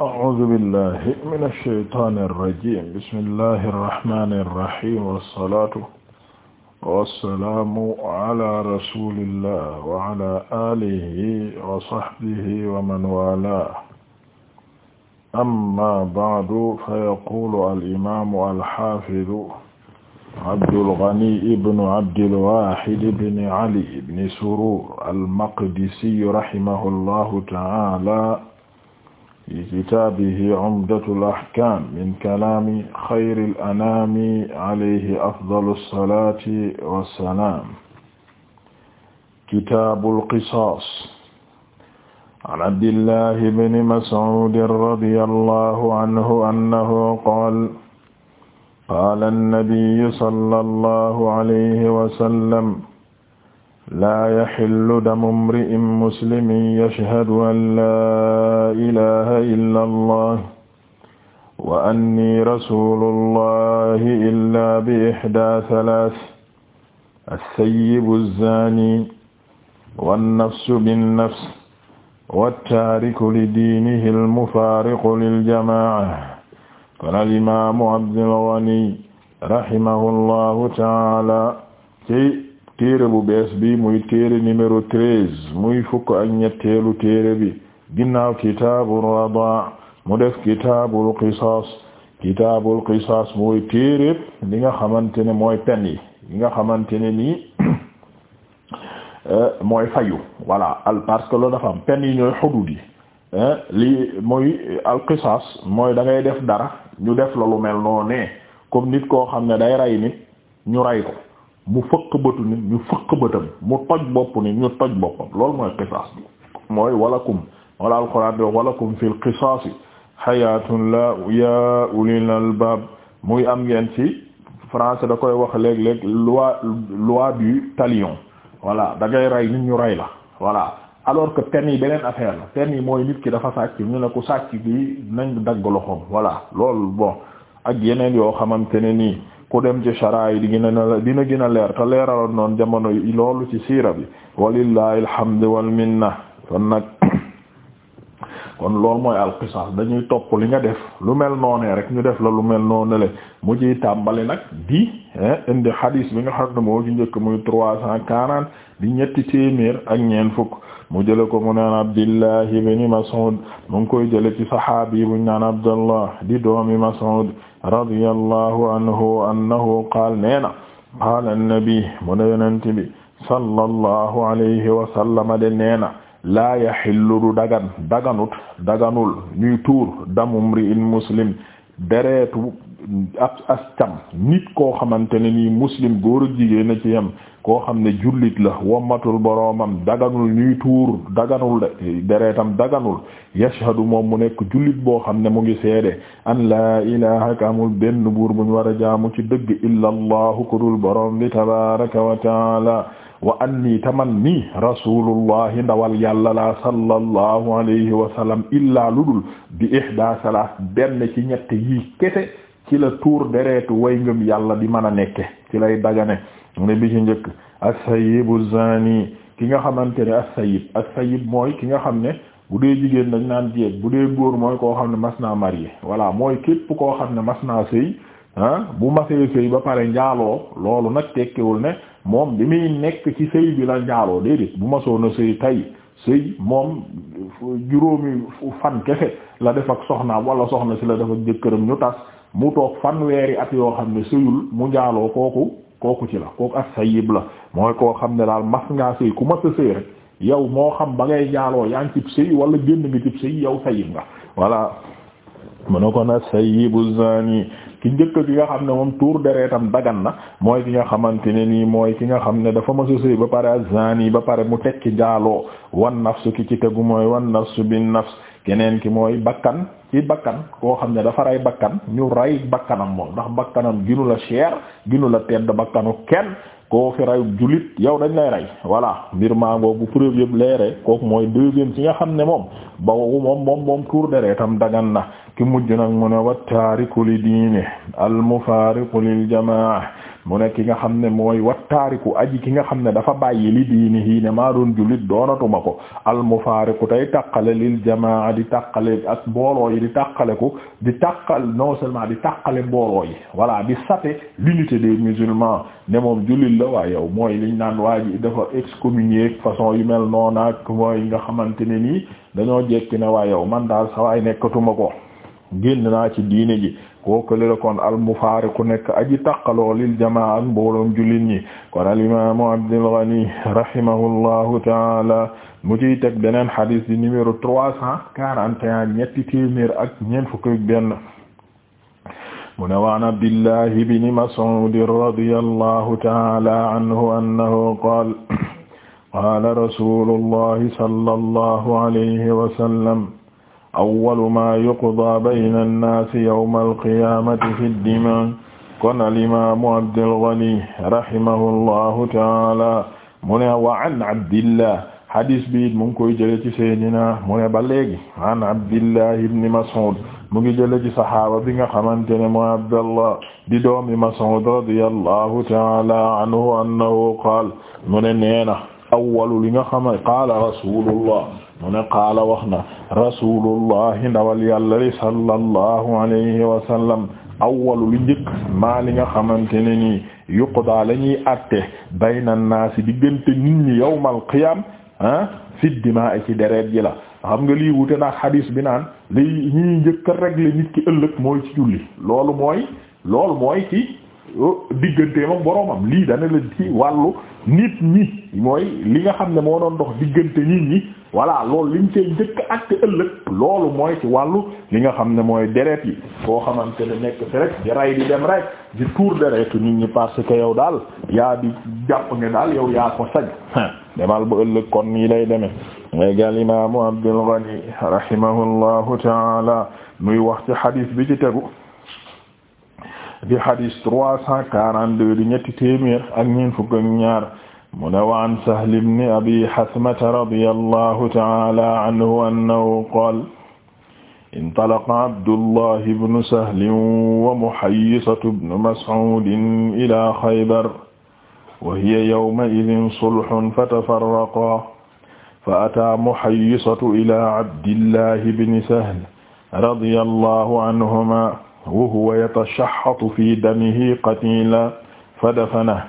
a'uuzu billahi mina shaytaani rajiim bismillahi rahmaani rahiim wassalaatu wassalaamu ala rasuulillah wa ala aalihi wa sahbihi wa man waalaahu amma ba'du fayaquulu al-imaamu al-haafidu Abdul Ghani ibn Abdil Waahid ibn Ali ibn Suruur al-Maqdisi rahimahullahu ta'aala fi kitaabihi Umdatul Ahkaam min kalaami xayril anaami alayhi afdalu salaati wa salaam. kitaabul qisaas. an Abdillahi bni Mas'uud radiyallahu anhu annahu qaala qaala annabiyyu sallallahu alayhi wa sallam. laa yaxillu damu mri'in muslimin yashhadu an laa ilaha illa allah wa anni rasulu llahi illaa bi ixdaa salaas alsayibu zzaani wannafsu binnafs wattaariku lidiinihi almufaariqu liljamaaca kon alimaamu abdulghani rahimahu llahu taala ci téere bu bees bi muy téere numéro treize muy fukk ak ñetteelu téere bi ginnaaw kitaabul radaa mu def kitaabul qisaas kitaabul qisaas mooy téere li nga xamante ne mooy pen yi li nga xamante ne nii mooy fayu voilà al parce que loolu dafa am pen yi ñooy xuduud yi li muy al qisaas mooy dangay def dara ñu def la lu mel noonu ne comme nit koo xam ne day rey ni ñu rey ko mu fëq bëtu nit ñu fëq bëtam mu toj bopp nit ñu toj boppam loolu mooy qisaas bi mooy walakum wala alquran bi walakum fil qisaasi xayatun la ya ulil albab muy am ngeen ci français da koy wax léeg-léeg loi loi du talion voilà da rey nit ñu rey la voilà alors que peine yi beneen affaire la peine yi mooy nit ki dafa sàcc ñu ne ku sàcc bi nañ dagg loxoom voilà lool bon ak yeneen yoo xamante ne nii ku dem ci shara yi dina dina gën a leer te leeraloon noonu jamono yi loolu ci siira bi walillahi alhamdu wal minna kon nag kon loolu mooy alqisas dañuy topp li nga def lu mel noone rek ñu def la lu mel noonu le mu ciy tàmbali nag di indi hadis bi nga xam ne moo ci njëkk muy trois cent quarante di ñetti téeméer ak ñeent fukk mu jële ko mu naan Abdullah ibn Mas'ud mu ngi koy jële ci saxaabi bu ñu naan Abdullah di doomi Mas'ud radiyallahu anhu annahu qaal nee na qaala annabi mu ne yonent bi sallallahu alayhi wa sallama de nee na laa yaxillu du dagan daganut daganul ñuy tuur damum ri'in muslim dereetu ab astam nit koo xamante ne nii muslim góor ak jigéen a ci yem koo xam ne jullit la wommatul boroomam daganul ñuy tuur daganul de dereetam daganul yashhadu moom mu nekk jullit boo xam ne mu ngi seede an laa ilaha ka amul benn buur ñu war a jaamu ci dëgg illa allahu kudul borom bi tabaraka wa wa anni taman nii rasulullahi ndawal yàlla la sallallahu alayhi wa sallam illaa ludul bi ihda salas benn ci ñett yi kese ci la tuur dereetu way ngëm yàlla di man a nekke ci lay dagane ne bi ci njëkk ak sayyibu zani ki nga xamante ne as-sayyib as-sayyib mooy ki nga xam ne bu dee jigéen dañ naan jeeg bu dee góor mooy koo xam ne mas naa marié voilà mooy képp koo xam ne mas naa sëy ah bu masee sëy ba pare njaaloo loolu nag tekkiwul ne moom bi muy nekk ci sëy bi la njaaloo déedéet bu ma soona sëy tay sëy moom juróomi fan kese la def ak soxnaam wala soxna si la def ak jëkkëram ñu tas mu toog fanweeri at yoo xam ne sëyul mu jaaloo kooku kooku ci la kooku ak yib la mooy koo xam ne daal mas ngaa sëy ku mas a sëy rek yow moo xam ba ngay jaaloo yaa ngi cib sëy wala génn bi cib sëy yow sayib nga voilà mu ne ko na sayibu zani ki njëkk ki nga xam ne moom tour tuur deretam dagan na mooy ki nga xamante ne nii mooy ki nga xam ne dafa ma sëy ba pare nii ba pare mu tekki njaaloo wan nafsu ki ci tegu mooy wan nafsu bin nafs keneen ki mooy bakkan ci bakkan koo xam ne dafa rey bakkan ñu rey bakkanam moom ndax bakkanam ginu la cher ginu la tedd bakkanu kenn koo fi reyu jullit yow dañ lay rey voilà mbir maangoo bu preuve yëpp leere kooku mooy deuxième ci nga xam ne moom ba moom moom moom na ki mujj nag mu ne wa taariku li diine al mufaariqu lil jamaa mu ne ki nga xam ne mooy wa taariku aji ki nga xam ne dafa bàyyi li diini hii ne maa doon jullit doonatuma ko al mufaariqu tey tàqale lil jamaa di tàqale ak mbooloo yi di tàqale ko di tàqal non seulement di tàqale mbooloo yi voilà di sate l'unité de musulmans ne moom jullit la waa yow mooy liñ naan waa ji dafa excommunier façon yu mel noonu ak mooy nga xamante ne nii dañoo jekki ne waa yow man daal sawaay nekkatuma ko génn naa ci diine ji kookale la kon al mufaariqu nekk aji taqaloo lil jamaa ak mbooloom jullit ñi kon al imaamu Abdul Ghani taala mu ciy beneen xadis di trois cent quarante et un ñetti téeméer ak ñeent fukk ak benn mu ne waan Abdillahi ibn Mas'ud radiyallahu taala anhu annahu qaala qaala rasulullahi sallallahu alayhi wa awwalu maa yuqdaa bayna annaasi yawma alqiyaamati fi dimaa kon alimaamu Abdul Ghani rahimahullahu taala mu ne wa an abdillah hadis bi mu ngi koy jële ci seydina mu ne ba léegi an abdillah ibni Mas'ud mu ngi jële ci saxaaba bi nga xamante ne moo Abdallah di doomi Mas'ud radiyallahu taala anhu annahu qaala mu ne neena awwalu li nga xam ne qaala rasulullah mu ne qaala wax na rasulullahi ndawal yàlla li sallallahu alayhi wa sallam awwalu lu njëkk maa li nga xamante ne nii yuqdaa la ñuy atte bayna naasi diggante nit ñi yawmal qiyaam ah fi dimaa ci deret ji la xam nga lii wute naag xadiis bi naan li ñuy njëkk a régler nit ki ëllëg mooy ci julli loolu mooy loolu mooy ci digganteem ak boroomam lii dana la ci wàllu nit ñi mooy li nga xam ne moo doon dox diggante nit ñi voilà loolu liñ cee njëkk ak ëllëg loolu mooy ci wàllu li nga xam ne mooy deret yi koo xamante ne nekk fi rek di rey di dem rek di tuur deretu nit ñi parce que yow daal yaa di jàpp ne daal yow yaa ko sañ demal ba ëllëg kon nii lay demee léegal imaamu Abdul Ghani rahimahullahu taala muy wax ci xadiis bi ci tegu di hadis trois cent quarante-deux di ñetti téeméer ak ñeent fukk ak ñaar mu ne wa an Sahl ibn Abi Hasmata radiyallahu ta'ala anhu annahu qaala intalaqa Abdullah ibnu Sahlin wa Muhayyisatu ibnu Mas'uudin ilaa Khaybar wa hiya yawma'idhin sulhun fatafarraqaa fa ataa Muhayyisatu ilaa Abdillahi ibni Sahl radiyallahu anhumaa wa huwa yatashahhatu fi damihi qatilan fadafanahu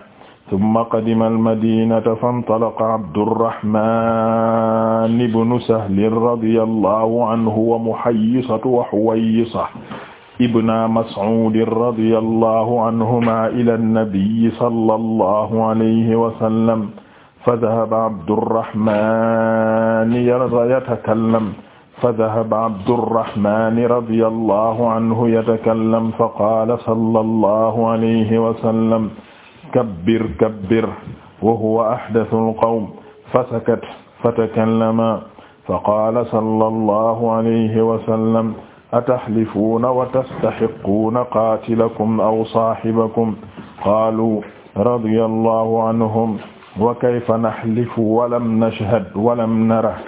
thumma qadima al-madinata fantalaqa Abdurrahman ibnu Sahl radiyallahu anhu wa Muhayyisatu wa Huwaysatu ibna Mas'ud radiyallahu anhuma ila an-nabi sallallahu alayhi wa sallam fadhahaba Abdurrahman yatakallam fa dahaba abdurrahmani radiyallahu anhu yatakallam fa qaala sallallahu alayhi wa sallam kabbir kabbir wa huwa ahdathul qawm fasakat fatakallama fa qaala sallallahu alayhi wa sallam atahlifuuna wa tastahiqquuna qaatilakum aw saahibakum qaaluu radiyallahu anhum wa kayfa nahlifu wa lam nashhad wa lam nara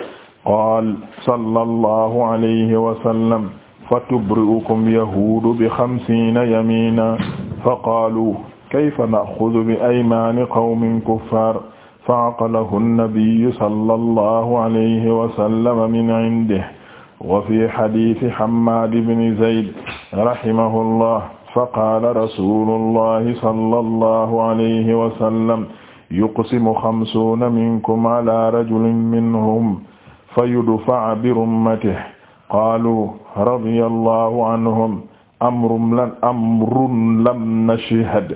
qaal sallallahu alayhi wa sallam fatubri'ukum yahuudu bi xamsiina yamiina faqaalu kayfa na'xudu bi aymaani qawmin kuffaar fa'aqalahu nabiyyu sallallahu alayhi wa sallam min 'indihi wa fi hadiisi Hammaad ibn Zayd rahimahullah faqaala rasuulullahi sallallahu alayhi wa sallam yuqsimu xamsuuna minkum alaa rajulin minhum fa yudfa'a bi rummatihi qaalu radiyallahu anhum amrun lan amrun lam nashhad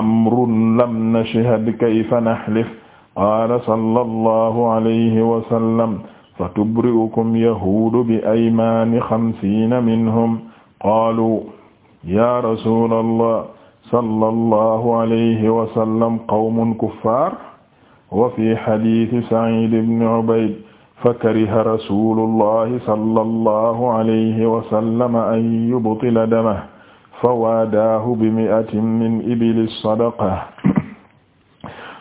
amrun lam nashhad kayfa nahlif qaala sallallahu alayhi wa sallam fatubri'ukum yahuudu bi aymaani xamsiina minhum qaalu yaa rasuulallah sallallahu alayhi wa sallam qawmun kuffaar wa fi hadiisi Sa'iid ibn Ubayd fakariha rasulullahi sallallahu alayhi wa sallam an yubtila damahu fawaadaahu bimi'atin min ibili sadaqa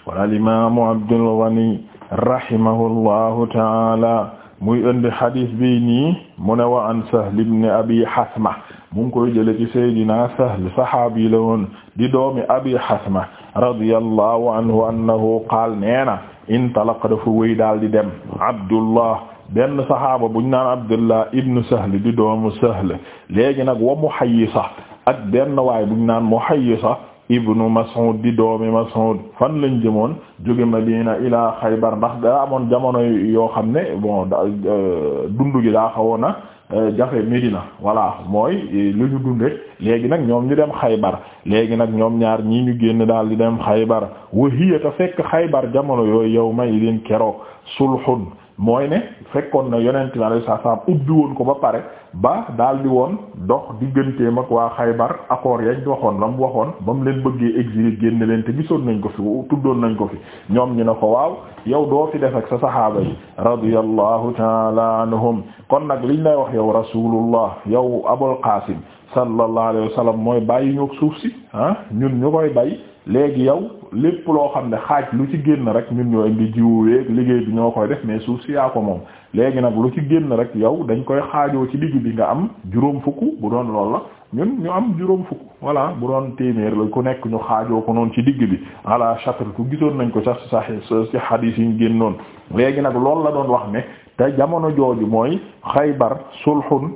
wala alimaamu Abdul Ghani rahimahullahu taala muy indi xadis bi nii mu ne wa an Sahl ibn Abi Hasma mu ngi koy jële ci Seydina Sahl saxaabi la woon di doomi Abi Hasma radiyallahu anhu annahu qaal neena intalaqa dafa wéy daal di dem abdullah benn sahaaba buñ naan abdullah ibnu sahl di doomu sahl léegi nag wa muhayyisa ak benn waay buñ naan muhayyisa ibnu mas'ud di doomi mas'ud fan lañ jëmoon jóge madina ilaa xaybar ndax daa amoon jamono yoo xam ne bon da euh, dund gi daa xawoon na Euh, jafe Medina voilà mooy euh, lu ñu dunde léegi nag ñoom ñu dem Xaybar léegi nag ñoom ñaar ñii ñu génn daal di dem Xaybar wa hiya ta fekk Xaybar jamono yooyu yow may leen keroog sulhun mooy ne fekkoon na yonent bi alayhi salaam ubbi woon ko ba pare ba daal di woon dox digganteem ak waa Xaybar accord yañ waxoon la mu waxoon ba mu leen bëggee exilé génne leen te gisoon nañ ko fi tuddoon nañ ko fi ñoom ñu ne ko waaw yow doo fi def ak sa saxaaba yi radiyallahu taala anhum kon nag liñ lay wax yow rasulullah yow Abul Qaasim sallallahu alayhi wa mooy bàyyi ñoog suuf si ah ñun ñu koy bay léegi yow lépp loo xam ne xaaj lu ci génn rek ñun ñoo indi jiwweeg liggéey bi ñoo koy def mais suuf si yaa ko moom léegi nag lu ci génn rek yow dañ koy xaajoo ci digg bi nga am juróom fukk bu doon lool la ñun ñu am juróom fukk voilà bu doon téeméer la ku nekk ñu xaajoo ko noonu ci digg bi ala chatratu gisoon nañ ko sax sax ci xadiis yi ñu génnoon léegi nag loolu la doon wax ne te jamono jooju mooy xaybar sulhun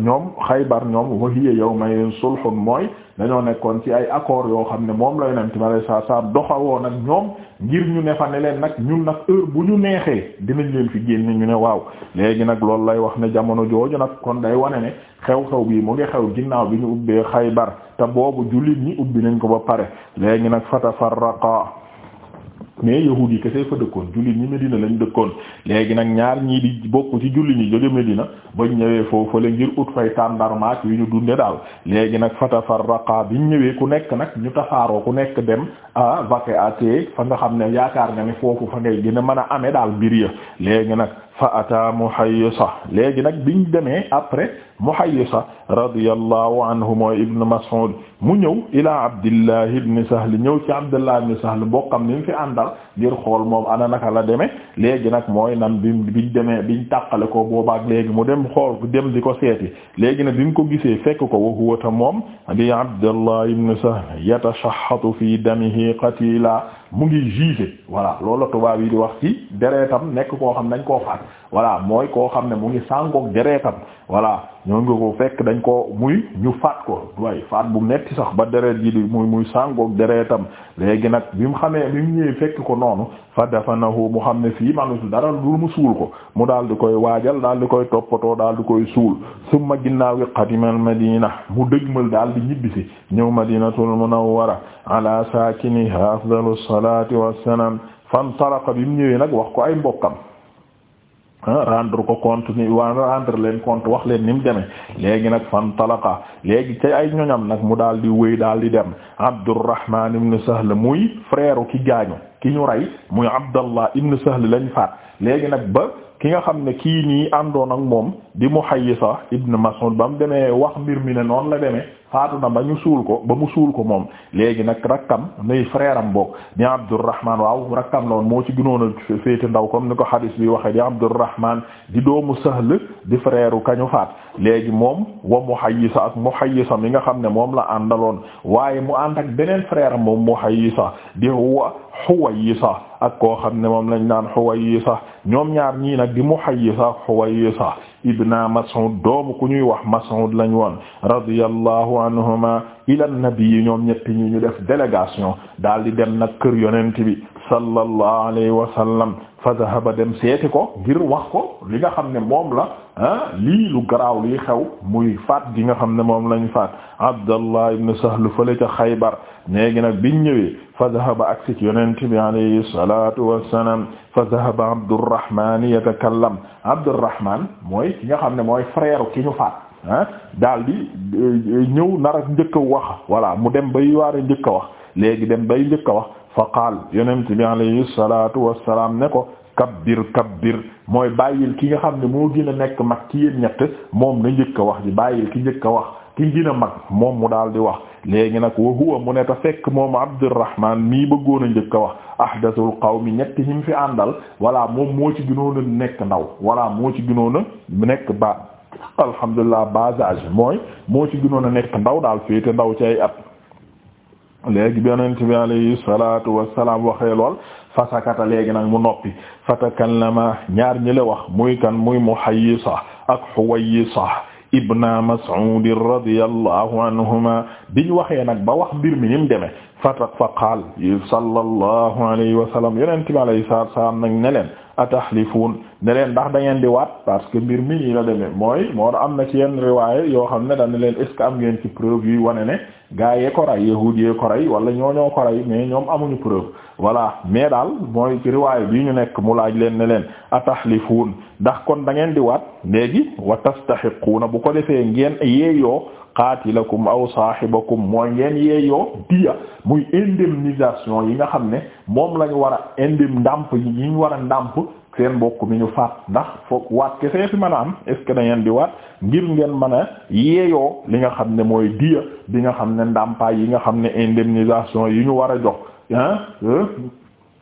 ñoom Xaybar ñoom wa hiya yawmay sulhun mooy dañoo nekkoon ci ay accords yoo xam ne moom la yonent bi alayhi salaatu salaam doxawoo nag ñoom ngir ñu ne fa ne leen nag ñun nag heure bu ñu neexee dinañ leen fi génne ñu ne waaw léegi nag loolu lay wax ne jamono jooju nag kon day wane ne xew-xew bii mu ngi xew ginnaaw bi ñu ubbee Xaybar te boobu jullit ñi ubbi nañ ko ba pare léegi nag fatafarraqa mais yahuud yi kese fa dëkkoon jullit ñi Medina lañ dëkkoon léegi nag ñaar ñii di bokk ci jullit ñi jóge Medina bañ ñëwee foofu la ngir ut fay tàndarmaak yu ñu dunde daal léegi nag fatafarraqa biñ ñëwee ku nekk nag ñu tasaaroo ku nekk dem a vaquer à fa nga xam ne yaakaar nga ne foofu fa ngay gën a mën a amee daal mbir ya léegi nag fa ata muhayyisa léegi nag biñ demee après muhayyisa radiyallahu anhu mooy ibn mas'ud mu ñëw ila abdillah ibn sahl ñëw ci abdillah ibn sahl boo xam ni mu fi àndal ngir xool moom ana naka la demee léegi nag mooy nan bi biñ demee biñ tàqale ko boobaak léegi mu dem xool dem di ko seeti léegi nag bi mu ko gisee fekk ko wa huwa moom di abdillah ibn sahl yatashahhatu fi damihi qatila mu ngi jugé voilà loolu la tubaab yi di wax ci deretam nekk koo xam nañ koo faat voilà mooy koo xam ne mu ngi sangook deretam voilà ñoo ngi ko fekk dañ ko muy ñu faat ko waaye faat bu metti sax ba deret ji di muy muy sàngoog deretam léegi nag bi mu xamee bi mu ñëwee fekk ko noonu fa dafanahu mu xam ne fii manusu dara lu mu suul ko mu daal di koy waajal daal di koy toppatoo daal di koy suul summa ginnaaw yi qadimal madina mu dëgmal dal di ñibbisi ñëw madinatul munawwara ala saakiniha afdalus salati fan fantalaqa bi mu ñëwee nag wax ko ay mbokkam Ah, rendre ko compte ni wa rendre leen compte wax leen ni mu demee léegi nag fan talaka léegi ca ay ñoñam nag mu daal di wéy daal di dem Abdurrahman ibn Sahl muy freeru ki gaañu ki ñu rey muy Abdallah ibn Sahl lañu faat léegi nag ba ki nga xam ne kii nii àndoon ak moom di Muhayyisa ibn Mas'ud ba mu demee wax mbir mi ne noonu la demee faatu na ba ñu suul ko ba mu suul ko moom léegi nag rakkam nuy frère am boog di Abdurrahman waaw rakkam la woon moo ci gënoon a féete ndaw comme ni ko hadis bi waxee di Abdurrahman di doomu Sahl di frère kañu faat léegi moom wa Muhayyisa ak Muhayyisa mi nga xam ne moom la àndaloon waaye mu ànd ak beneen frère am moom Muhayyisa di wa Huwayisa ak koo xam ne moom lañ naan Huwayisa ñoom ñaar ñii nag di Muhayyisa Huwaysa ibna Mas'ud doomu ku ñuy wax Mas'ud lañ woon radiyallahu anhuma ila nabi ñoom ñetti ñi ñu def délégation daal di dem nag kër yonent bi sallallahu alayhi wa sallam fa dhahaba dem seeti ko ngir wax ko li nga xam ne moom la ah, lii lu garaaw lii xew muy faat gi nga xam ne moom lañ faat Abdallah ibn Sahl fële ca Xaybar léegi nag biñ ñëwee fa dhahaba aksi ci yonent bi alayhi salatu wassalam fa dhahaba Abdurrahman yatakallam Abdurrahman mooy ki nga xam ne mooy frère ki ñu faat ah daal di eh, eh, ñëw nar njëkk a wax voilà mu dem bay waare njëkk a wax léegi dem bay njëkk a wax fa qaal yonent bi alayhi salatu wasalaam ne ko kabbir kabbir mooy bàyyil ki nga xam ne moo gën a nekk mag ci yéen ñett moom na njëkk a wax ji bàyyil ki njëkk a wax ki gën a mag moom mu daal di wax léegi nag wa huwa mu ne ta fekk moom Abdurrahman mii bëggoon a njëkk a wax ahdathul qawmi ñett ñi mu fi àndal walaa moom moo ci gënoon a nekk ndaw voilà moo ci gënoon a nekk ba alhamdulillah basage mooy moo ci gënoon a nekk ndaw daal féete ndaw ci ay at léegi bi yonent bi alayhi salaatu wassalaam waxee lool fasakata léegi nag mu noppi fatakallama ñaar ñile wax muy kan muy Muhayyisa ak Huwayyisa ibna Mas'ud radiyallahu anhuma biñ waxee nag ba wax mbir mi ni mu demee fatak fa qaal sallallahu alayhi wa sallam yonent bi alayhi salaatu salaam nag ne leen ataxlifuun ne leen ndax da ngeen di waat parce que mbir mi nii la demee mooy moo am na ci yenn riwaaye yoo xam ne dañ leen est-ce que am ngeen ci preuve yuy wane ne gaa yee ko rey yahuud yee ko rey wala ñoo ñoo ko rey mais ñoom amuñu preuve voilà mais daal mooy ci riwaaye bii ñu nekk mu laaj leen ne leen ataxlifuun ndax kon da ngeen di waat léegi wa tastaxiquuna bu ko defee ngeen yeeyoo qaatilakum aw saahibakum mooy ngeen yeeyoo diya muy indemnisation yi nga xam ne moom lañu war a indem ndàmp yi ñu war a ndàmp seen mbokk mi ñu faat ndax foog waat kese fi mën a am est ce que di waat ngir ngeen mën a yeeyoo li nga xam ne mooy diya bi nga xam ne ndàmpaay yi nga xam ne indemnisation yi ñu war a jox ah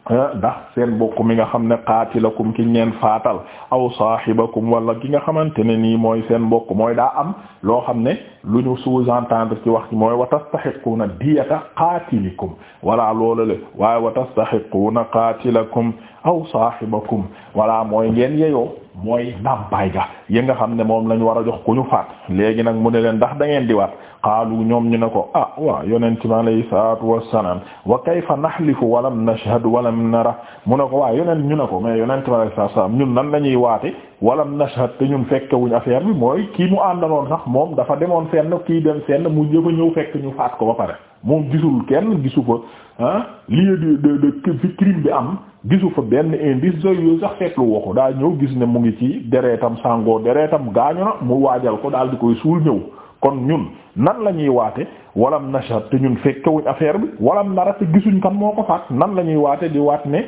Eh, ndax seen bokk mi nga xam ne qaatilakum ki ngeen faatal aw saahibakum wala ki nga xamante ne nii mooy seen mbokk mooy daa am loo xam ne lu ñu sous-entendre ci wax ci mooy wa tastahiquna diyata qaatilikum wala loola le waaye wa tastahiquna qaatilakum aw saahibakum wala mooy ngeen yeyoo mooy ndàmpaay ga yi nga xam ne moom lañ war a jox ku ñu faat léegi nag mu ne leen ndax da ngeen di waat qaalu ñoom ñu ne ko ah waa yonent mi alayhi salaatu wassalaam wa kay kayfa nahlifu walam nashhad walam nara mu ne ko waa yonent ñu ne ko mais yonent mi alayhi salaatu wassalaam ñun nan lañuy waate walam nashhad te ñun fekke wuñ bi mooy kii mu àndaloon sax moom dafa demoon fenn kii dem fenn mu jëfa ñëw fekk ñu faat ko ba pare moom gisul kenn gisu fa ah lieu de de de bi am gisu fa benn indice yooyu sax seetlu woo ko daa ñëw gis ne mu ngi ci deretam sàngoo deretam gaañu na mu waajal ko daal di koy suul ñëw kon ñun nan la ñuy waate walam nashhad te ñun fekkewuñ affaire bi walam nara te gisuñ kan moo ko faat nan la ñuy waate di waat ne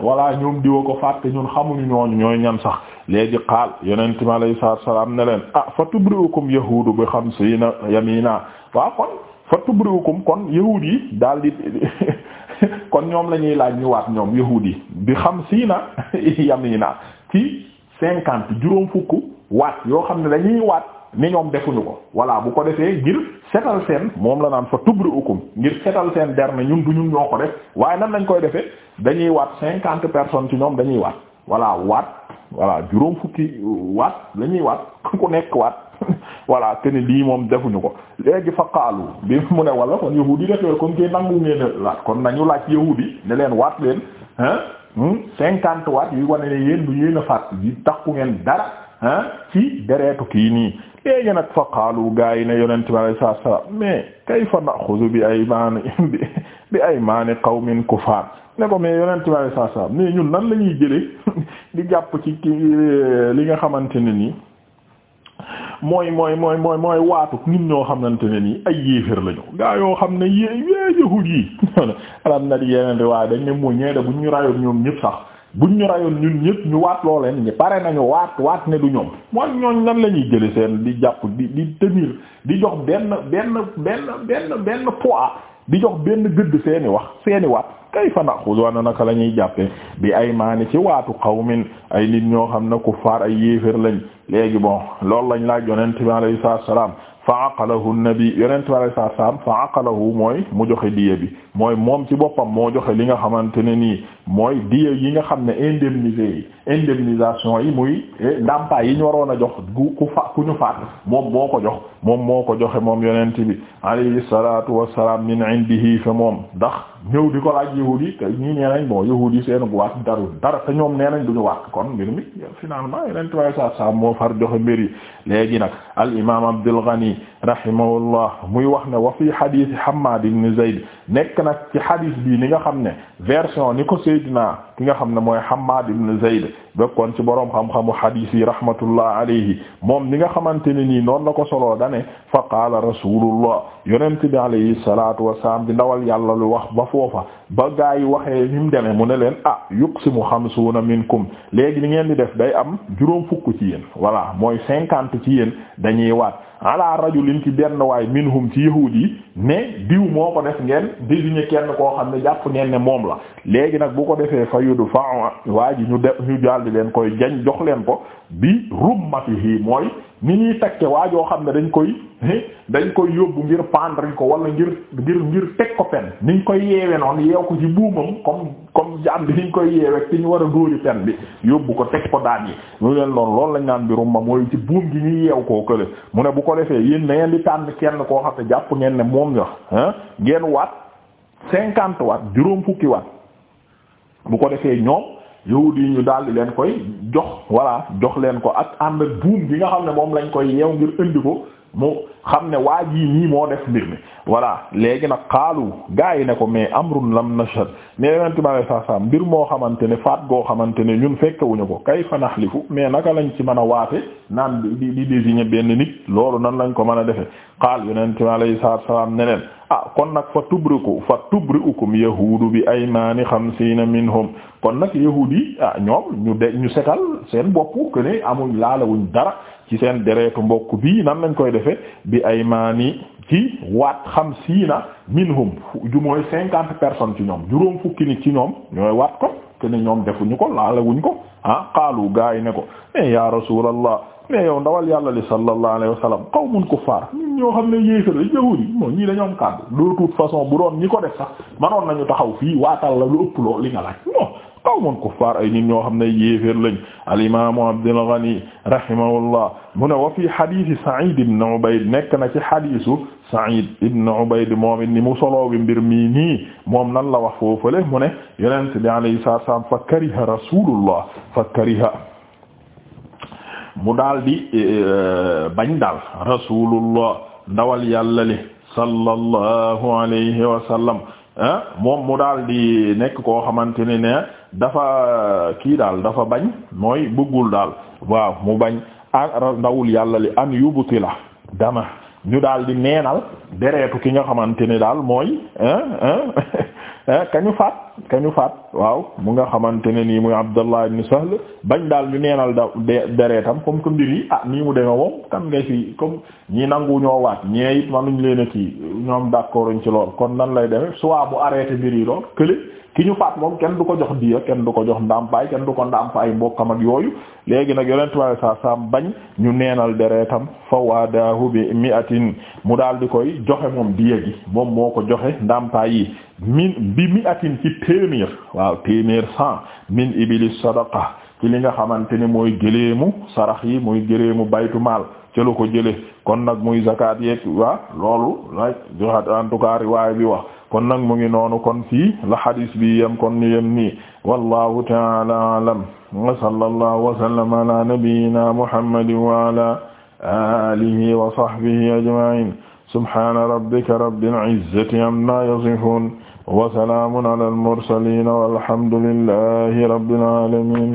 voilà ñoom diwa ko faat te ñun xamuñu ñooñu ñooy ñan sax léegi xaal yonent mi alayhi salaatu salaam ne leen ah fa tubri'ukum yahuudu bi xamsiina yamiina waaw kon fa tubri'ukum kon yahuud yi daal di kon ñoom lañuy laaj ñu waat ñoom yahuud yi bi xam xamsiina yamiina ci cinquante juróom fukk waat yoo xam ne dañuy waat ni ñoom defuñu ko voilà bu ko defee ngir setal seen moom la naan fa tubru ukum ngir setal seen der na ñun du ñun ñoo ko def waaye nan lañ koy defee dañuy waat cinquante personnes ci ñoom dañuy waat voilà waat voilà juróom fukki waat lañuy waat ku nekk waat voilà te ni lii moom defuñu ko léegi fa qaalu bi mu ne wala kon yahuudi def yooyu comme que nangu ngeen laat kon nañu laaj yahuudi ne leen waat leen hein hmm, cinquante waat yuy wane ne yéen du yéen a faat yi taxu ngeen ah ci deretu kii nii léegi nag fa qaalu gaa yi ne yonente bi alayhi salaatu wa salaam mais kayfa na'xuzu bi aymaani bi aymaani qawmin kufaar ne ko mais yonente bi alayhi salaatu wa salaam mais ñun nan la ñuy jëlee di jàpp ci ki li nga xamante ne nii mooy mooy mooy mooy waatu waatuk nit ñoo xamante ne nii ay yéeféer lañu gaa yoo xam ne yee yee yahuud yi alam na di yeneen riwaaya dañ ne mu ñeeda bu ñu rayoon ñoom ñëpp sax buñ ñu rayoon ñu ñëpp ñu waat loo leen ñu pare nañu waat waat ne du ñoom mooy ñooñ lan la ñuy jële seen di jàpp di di tenir di jox benn benn benn benn benn poids di jox benn gëdd seeni wax seeni waat kayfa naxudu wana naka la ñuy jàppe bi ay maani ci waatu xawmin ay nit ñoo xam ne kuffaar ay yéefér lañ léegi bon loolu lañ laaj yonent bi alayhi salaam fa aqalahu nabi yonent bi alayhi salaam fa aqalahu mooy mu joxe diye bi mooy moom ci boppam moo joxe li nga xamante ne nii mooy diye yi nga xam ne indemnisé yi indemnisation yi muy eh, ndàmpaay yi ñu waroon a jox ku ku fa ku ñu faat moom moo ko jox moom moo ko joxe moom yonent bi alayhi salatu wassalam min indihi fa moom ndax ñëw di ko laaj yahuud yi te ñi nee nañ bon yahuud yi seen waat darul dara te ñoom nee nañ duñu waat kon mbir mi finalement yonent bi saa saa moo far joxe mbir yi léegi nag al imam Abdul Ghani rahimahullah muy wax ne wa fi hadith Hammad ibn Zayd nekk nag ci hadith nga xam ne Seydina ki nga xam ne mooy Hammad ibn Zayd bokkoon ci boroom xam-xamu hadis yi rahmatullah alayhi moom ni nga xamante ne nii noonu la ko soloo dane fa qaala rasulullah yonent bi alayhi salatu wasalam di ndawal yàlla lu wax ba foofa ba gaa yi waxee ni mu demee mu ne leen ah yuqsimu xamsuuna minkum léegi li ngeen di def day am juróom fukk ci yéen voilà mooy cinquante ci yéen dañuy waat ala rajulin ci benn waay minhum ci yahuud yi ne diw moo ko def ngeen désigné kenn koo xam ne jàpp ngeen ne moom la léegi nag bu ko yudfa'u waa ji ñu de ñu daldi leen koy jañ jox leen ko bi rummatihi mooy ni ñuy takke waa joo xam ne dañ koy dañ koy yóbbu ngir pendre ko wala ngir ngir ngir teg ko pen niñ koy yeewe noonu yeew ko ci buumam comme comme jaan bi niñ koy yeewe ci ñu war a dóori pen bi yóbbu ko teg ko daan yi ñu leen loon loolu lañ naan bi rumma mooy ci buum gi ñuy yeew koo kële mu ne bu ko defee yéen na ngeen di tànn kenn koo xam ne jàpp ngeen ne moom yoo nga ngeen waat cinquante waat juróom fukki waat bu ko defee ñoom yahudi yi ñu daal di leen koy jox voilà jox leen ko ak ànd ak buum gi nga xam ne moom lañ koy yeew ngir indi ko mu xam ne waa jii nii moo def mbir mi voilà léegi nag xaalu gaa yi ne ko mais amrun lam nashhad mais yonente bi alei mbir moo xamante ne faat goo xamante ne ñun fekkewuñu ko kay fa naxlifu mais naka lañ ci mën a waate naan di di désigner benn nit loolu nan lañ ko mën a defe xaal yonente bi alayi salaam ne leen ah kon nag fa tubriku fa tubriukum yahudu bi ay aymaani xamsiina minhum kon nag yahuud yi ah ñoom ñu de ñu setal seen bopp que amuñ laalawuñ dara ci seen dereetu mbokk bii nan lañ koy defee bi ay maani ci waat xam siina minhum ju mooy cinquante personnes ci ñoom juróom fukki nit ci ñoom ñooy waat ko te ne ñoom defuñu ko laala wuñ ko ah xaalu gaa yi ne ko mais eh ya rasulallah mais yow ndawal yàlla li sallallahu alayhi wa sallam qawmun kuffar ñun ñoo xam ne yéefar la yahuud yi moo ñii dañoo am kàddu de toute façon bu doon ñi ko def sax manoon nañu taxaw fii waatal la lu ëpp lool li nga laaj qawmun kuffar ay nit ñoo xam ne yéeféer lañ alimamu Abdul Ghani rahimahullah mu ne wa fi haditi Sa'id ibn nekk na ci hadisu Sa'id ibn moom it ni mu soloo bi mbir mii moom nan la wax foofale mu ne yonent bi alayhi salaatu salaam fa kariha rasulullah fa kariha mu daal di e, e, bañ daal rasulullah ndawal sallallahu alayhi wa ah, moom mu daal di nekk koo xamante ne ne dafa kii daal dafa bañ mooy bëggul daal waaw mu bañ ndawul yàlla li an yubti la dama ñu daal di neenal deretu ki nga xamante ne daal mooy kañu faat kañu faat waaw mu nga xamante ne nii muy Abdallah ibn Sahl bañ daal ñu neenal da deretam comme que mbir yi ah nii mu demee moom kan nga ci comme ñi nangu ñoo waat ñee it manuñ leen kii ñoom d'accord ci lool kon nan lay demee soit bu arrêté mbir yi lool kële ki ñu faat moom kenn du ko jox diya kenn du ko jox ndàmpaay kenn du ko ndàmpaay mbokkam ak yooyu léegi nag yonent waaye saa saam bañ ñu neenal deretam fawaadahu bi mi'atin mu daal di koy joxe moom diya gi moom moo ko joxe ndàmpaay yi min bi mi'atin ci téeméer waaw téeméer cent min iblis sadaqa ci li nga xamante ne mooy gëleemu sarax yi muy gëleemu baytu maal ca ko jële kon nag muy zakat yeeg waa loolu lay joxat en tout bi wax kon nag mu ngi noonu kon fii la hadis bi yem kon ñu yem nii wallahu taala alam wa sallallahu wa sallama ala nabiyyina muhammadin wa ala alihi wa sahbihi ajma'in subhana rabbika rabbil izzati amma yasifun wa salamun ala al mursalin walhamdulillahi rabbil alamin